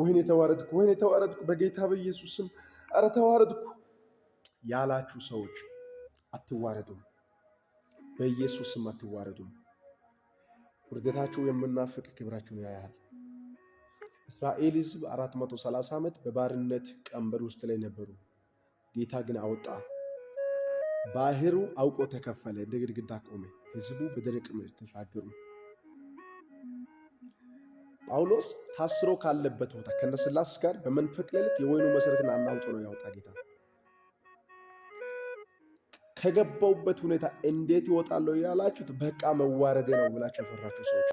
ወይኔ ተዋረድኩ፣ ወይኔ ተዋረድኩ፣ በጌታ ስም አረ ተዋረድኩ ያላችሁ ሰዎች አትዋረዱም፣ ስም አትዋረዱም። ውርደታችሁ የምናፍቅ ክብራችሁን ያያል። እስራኤል ሕዝብ 430 ዓመት በባርነት ቀንበር ውስጥ ላይ ነበሩ። ጌታ ግን አወጣ። ባህሩ አውቆ ተከፈለ፣ እንደ ግድግዳ ቆመ። ሕዝቡ በደረቅ ምድር ተሻገሩ። ጳውሎስ ታስሮ ካለበት ቦታ ከነስላስ ጋር በመንፈቅ ሌሊት የወይኑ መሰረትን አናውጦ ነው ያወጣ ጌታ። ከገባውበት ሁኔታ እንዴት ይወጣለሁ ያላችሁት በቃ መዋረዴ ነው ብላችሁ ያፈራችሁ ሰዎች፣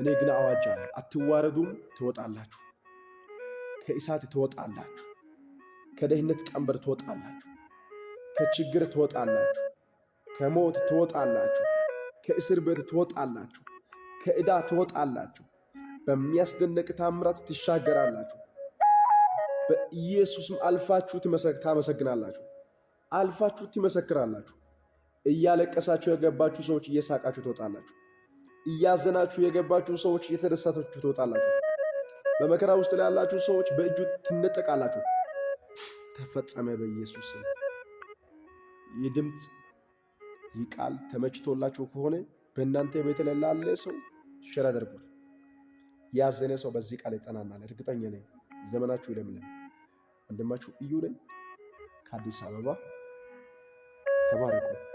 እኔ ግን አዋጅ አለ፣ አትዋረዱም፣ ትወጣላችሁ፣ ከእሳት ትወጣላችሁ፣ ከደህንነት ቀንበር ትወጣላችሁ፣ ከችግር ትወጣላችሁ፣ ከሞት ትወጣላችሁ፣ ከእስር ቤት ትወጣላችሁ። ከዕዳ ትወጣላችሁ፣ በሚያስደንቅ ታምራት ትሻገራላችሁ። በኢየሱስም አልፋችሁ ታመሰግናላችሁ፣ አልፋችሁ ትመሰክራላችሁ። እያለቀሳችሁ የገባችሁ ሰዎች እየሳቃችሁ ትወጣላችሁ። እያዘናችሁ የገባችሁ ሰዎች እየተደሳታችሁ ትወጣላችሁ። በመከራ ውስጥ ላይ ያላችሁ ሰዎች በእጁ ትነጠቃላችሁ። ተፈጸመ በኢየሱስ የድምፅ ይህ ድምፅ ይህ ቃል ተመችቶላችሁ ከሆነ በእናንተ ቤት ላይ ላለ ሰው ሼር አድርጉት። ያዘነ ሰው በዚህ ቃል ይጠናናል፣ እርግጠኛ ነኝ። ዘመናችሁ ይለምለም። ወንድማችሁ እዩ ነኝ ከአዲስ አበባ። ተባረኩ።